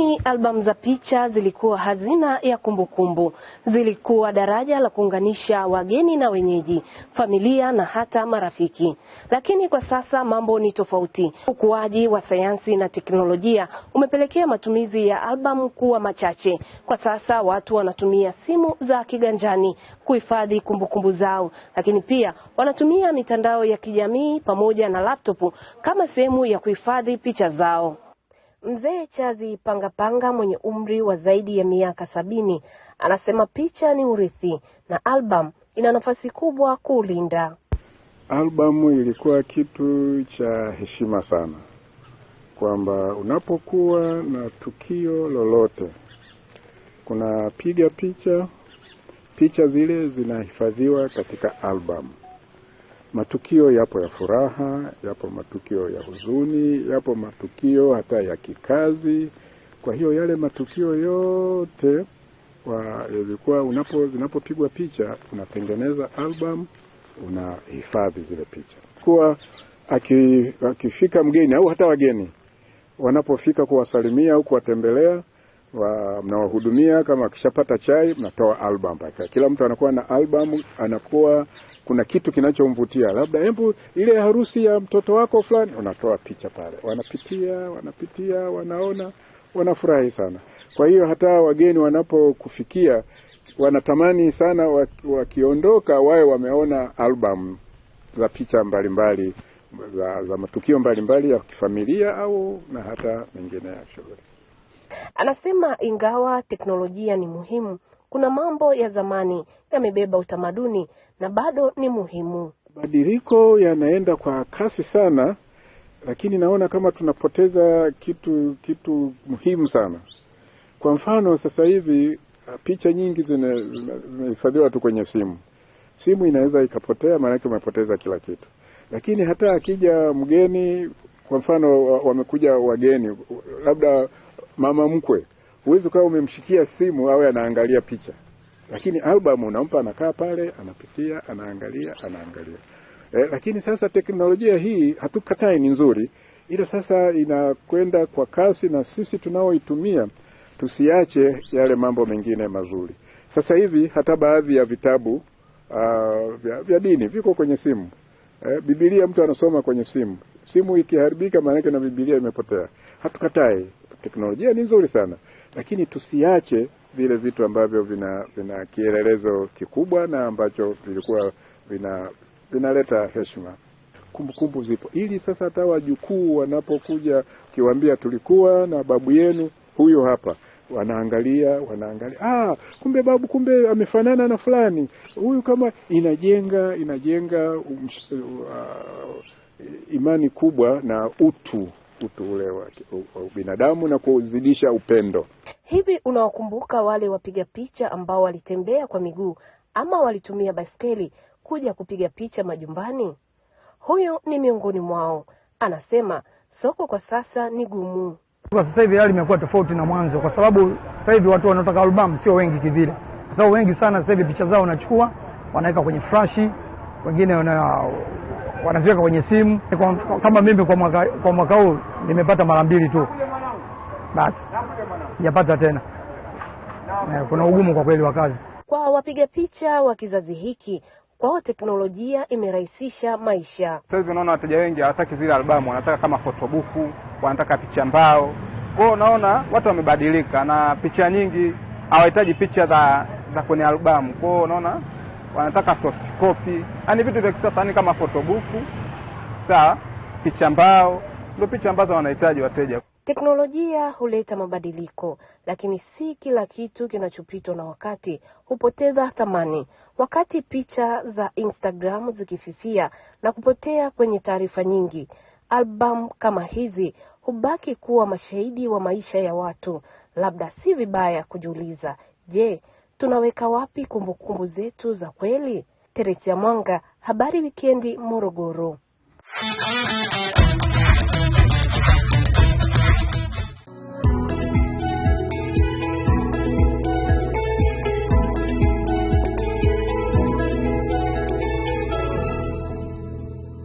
zamani albamu za picha zilikuwa hazina ya kumbukumbu kumbu. Zilikuwa daraja la kuunganisha wageni na wenyeji, familia na hata marafiki. Lakini kwa sasa mambo ni tofauti. Ukuaji wa sayansi na teknolojia umepelekea matumizi ya albamu kuwa machache. Kwa sasa watu wanatumia simu za kiganjani kuhifadhi kumbukumbu zao, lakini pia wanatumia mitandao ya kijamii pamoja na laptopu kama sehemu ya kuhifadhi picha zao. Mzee Chazi Pangapanga mwenye umri wa zaidi ya miaka sabini anasema picha ni urithi na albamu ina nafasi kubwa kuulinda. Albamu ilikuwa kitu cha heshima sana, kwamba unapokuwa na tukio lolote kunapiga picha, picha zile zinahifadhiwa katika albamu. Matukio yapo ya furaha, yapo matukio ya huzuni, yapo matukio hata ya kikazi. Kwa hiyo yale matukio yote yalikuwa unapo zinapopigwa picha unatengeneza album, unahifadhi zile picha. Kwa akifika mgeni au hata wageni wanapofika kuwasalimia au kuwatembelea wa, mnawahudumia kama akishapata chai mnatoa album paka. Kila mtu anakuwa na album, anakuwa kuna kitu kinachomvutia, labda hebu ile harusi ya mtoto wako fulani, unatoa picha pale, wanapitia wanapitia, wanaona, wanafurahi sana. Kwa hiyo hata wageni wanapokufikia wanatamani sana wakiondoka wawe wameona album za picha mbalimbali mbali, za, za matukio mbalimbali mbali ya kifamilia au na hata mengine ya shughuli. Anasema ingawa teknolojia ni muhimu, kuna mambo ya zamani yamebeba utamaduni na bado ni muhimu. Mabadiliko yanaenda kwa kasi sana, lakini naona kama tunapoteza kitu kitu muhimu sana. Kwa mfano, sasa hivi uh, picha nyingi zinahifadhiwa tu kwenye simu. Simu inaweza ikapotea, maanake umepoteza kila kitu. Lakini hata akija mgeni, kwa mfano, wamekuja wageni labda mama mkwe, huwezi ukawa umemshikia simu awe anaangalia picha, lakini albamu unampa, anakaa pale, anapitia, anaangalia, anaangalia. Eh, lakini sasa teknolojia hii hatukatai, ni nzuri, ila sasa inakwenda kwa kasi, na sisi tunaoitumia tusiache yale mambo mengine mazuri. Sasa hivi hata baadhi ya vitabu uh, vya, vya dini viko kwenye simu eh, bibilia mtu anasoma kwenye simu. Simu ikiharibika, maanake na bibilia imepotea. Hatukatai, teknolojia ni nzuri sana, lakini tusiache vile vitu ambavyo vina vina kielelezo kikubwa na ambacho vilikuwa vina vinaleta heshima. Kumbukumbu zipo, ili sasa hata wajukuu wanapokuja ukiwambia tulikuwa na babu yenu huyo hapa wanaangalia wanaangalia, ah, kumbe babu, kumbe amefanana na fulani huyu. Kama inajenga inajenga um, uh, imani kubwa na utu utu ule wa binadamu na kuzidisha upendo. Hivi unawakumbuka wale wapiga picha ambao walitembea kwa miguu ama walitumia baskeli kuja kupiga picha majumbani? Huyo ni miongoni mwao, anasema soko kwa sasa ni gumu. Kwa sasa hivi hali imekuwa tofauti na mwanzo, kwa sababu sasa hivi watu wanaotaka albamu sio wengi kivile, kwa sababu wengi sana sasa hivi picha zao wanachukua wanaweka kwenye flashi, wengine wanaziweka kwenye simu. Kama mimi kwa mwaka, kwa mwaka huu nimepata mara mbili tu basi, sijapata tena. Eh, kuna ugumu kwa kweli wa kazi kwa wapiga picha wa kizazi hiki kwao teknolojia imerahisisha maisha. Sasa hivi unaona wateja wengi hawataki zile albamu, wanataka kama fotobuku, wanataka picha mbao. Kwao unaona watu wamebadilika, na picha nyingi hawahitaji picha za za kwenye albamu. Kwao unaona wanataka soft copy, yaani vitu vya kisasa, ni yaani kama fotobuku, sawa, picha mbao ndio picha ambazo wanahitaji wateja. Teknolojia huleta mabadiliko, lakini si kila kitu kinachopitwa na wakati hupoteza thamani. Wakati picha za Instagram zikififia na kupotea kwenye taarifa nyingi, albamu kama hizi hubaki kuwa mashahidi wa maisha ya watu. Labda si vibaya kujiuliza, je, tunaweka wapi kumbukumbu zetu za kweli? Teresia Mwanga, Habari Wikendi, Morogoro.